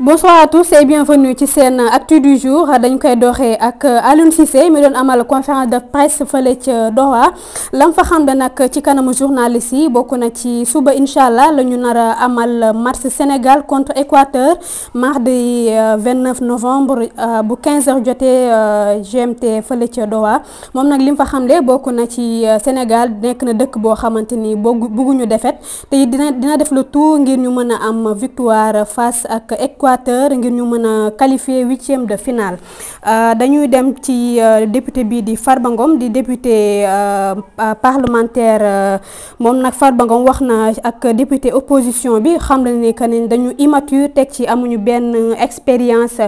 bonsoir à tous et bienvenue ci seen actu du jour dañ koy doxee ak Alioune mi doon amal conférence de presse fële ca Doha lam fa xam ne nag ci kanamu journaliste yi bokk na ci suba incha allah la ñu nar a amal match Sénégal contre Équateur mardi 29 euh, novembre euh, bu 15h jotee euh, GMT fële ca Doha moom nag lim mu fa xamle bokk na ci Sénégal nekk na dëkk boo xamante ni bëgguñu defet te dina dina def le tout ngir ñu mën a am victoire face ak Équateur ngir ñu mën a qualifier huitième de finale euh, dañuy dem ci euh, député bii di Farba Ngom di député euh, parlementaire moom nag Farba wax na ak député opposition bi xam na ni que ni dañu immature teg ci amuñu benn expérience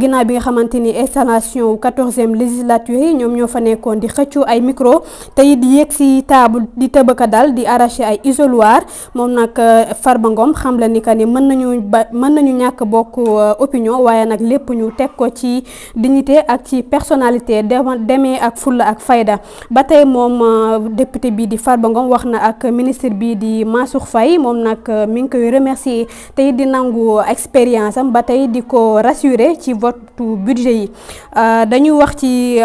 ginnaaw bi nga xamante ni installation quatorzième législature yi ñoom ñoo fa nekkoon di xëccu ay micro te it yéeg si table di tëbëka dal di arraché ay isoloir moom nag Farba xam la ni que ni mën nañu ba mën nañu ñàkk bokk euh, opinion waaye nag lépp ñu teg ko ci dignité ak ci personnalité demee ak fulla ak fayda ba tey moom euh, député bi di Farba Ngom wax na ak ministre bi di Mansour Faye moom nag euh, mi ngi koy remercier tey di nangu expérience am ba tey di ko rassurer ci vote budget yi dañuy wax ci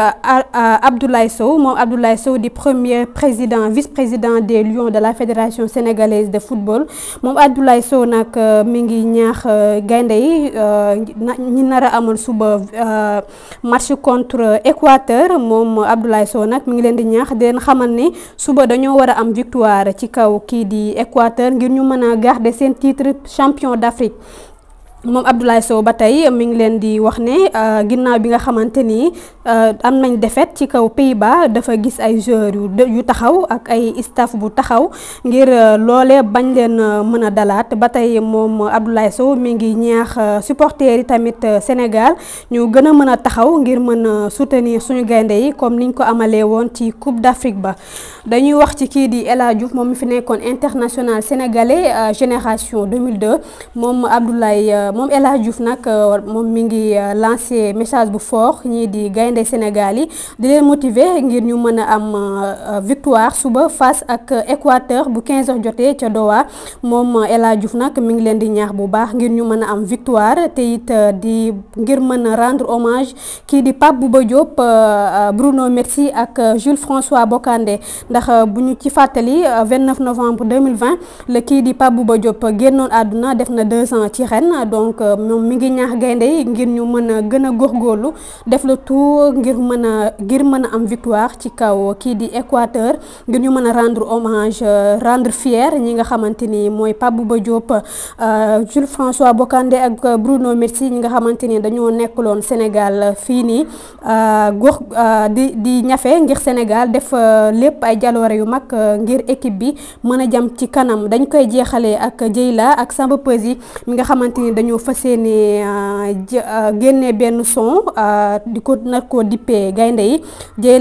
Abdoulaye Sow moom Abdoulaye Sow di premier président vice-président des Lions de la Fédération sénégalaise de football moom Abdoulaye Sow nag mi ngi ñaax gaynde sénégalais yi euh, ñi nar a amal suba euh, match contre Équateur moom Abdoulaye Sow nag mu ngi leen di ñax di leen xamal ni suba dañoo war a am victoire ci kaw kii di Équateur ngir ñu mën a garder seen titre champion d'Afrique moom Abdoulaye Sow ba tey mi ngi leen di wax ne euh, ginnaaw bi nga xamante ni euh, am nañ defet ci kaw Pays-Bas dafa gis ay joueurs yu taxaw ak ay staff bu taxaw ngir euh, loole bañ leen mën a dalaat ba tey moom Abdoulaye Sow mi ngi ñaax supporters yi tamit Sénégal ñu gën a mën a taxaw ngir mën a soutenir suñu gaynde yi comme niñ ko amalee woon ci Coupe d'Afrique ba dañuy wax ci kii di El moom mi fi nekkoon international sénégalais génération 2002 moom Abdoulaye. moom El Hadj nag euh, moom mi ngi euh, lancé message bu fort ñii di gaynde Sénégal yi di leen motiver ngir ñu mën a am euh, victoire suba face ak Équateur bu 15h jotee ca Doha moom El Hadj nag mi ngi leen di ñaax bu baax ngir ñu mën a am victoire te it di ngir mën a rendre hommage kii di Pape Bouba Diop Bruno Metsu ak Jules François Bocandé ndax bu ñu ci fàttali 29 novembre 2020 la kii di Pape ba Diop génnoon àdduna def na deux ans ci ren. donc euh, moom mi ngi ñaax gaynde yi ngir ñu mën a gën a góorlu def la tout ngir mën a ngir mën a am victoire ci kaw kii di Équateur ngir ñu mën a rendre hommage euh, rendre fier ñi nga xamante ni mooy Pape Bouba Diop euh, Jules François Bocandé ak Bruno Metsu ñi nga xamante ni dañoo loon Sénégal fii nii gox di di ñafe ngir Sénégal def lépp ay jaloore yu mag ngir équipe bi mën a jëm ci kanam dañ koy jeexalee ak Dieyla ak Samba Peuzzi mi nga xamante ni dañu ñu fas yéene euh, euh, génnee benn son euh, di ko nag koo dippee gaynde yi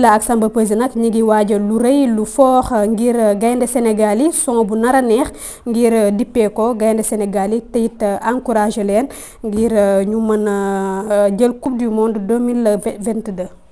la ak Samba Peuzzi nag ñi ngi waaja lu rëy lu foox ngir gaynde Sénégal yi son bu nar a neex ngir dippee ko gaynde Sénégal yi te it encouragé leen ngir ñu mën a jël coupe du monde 2022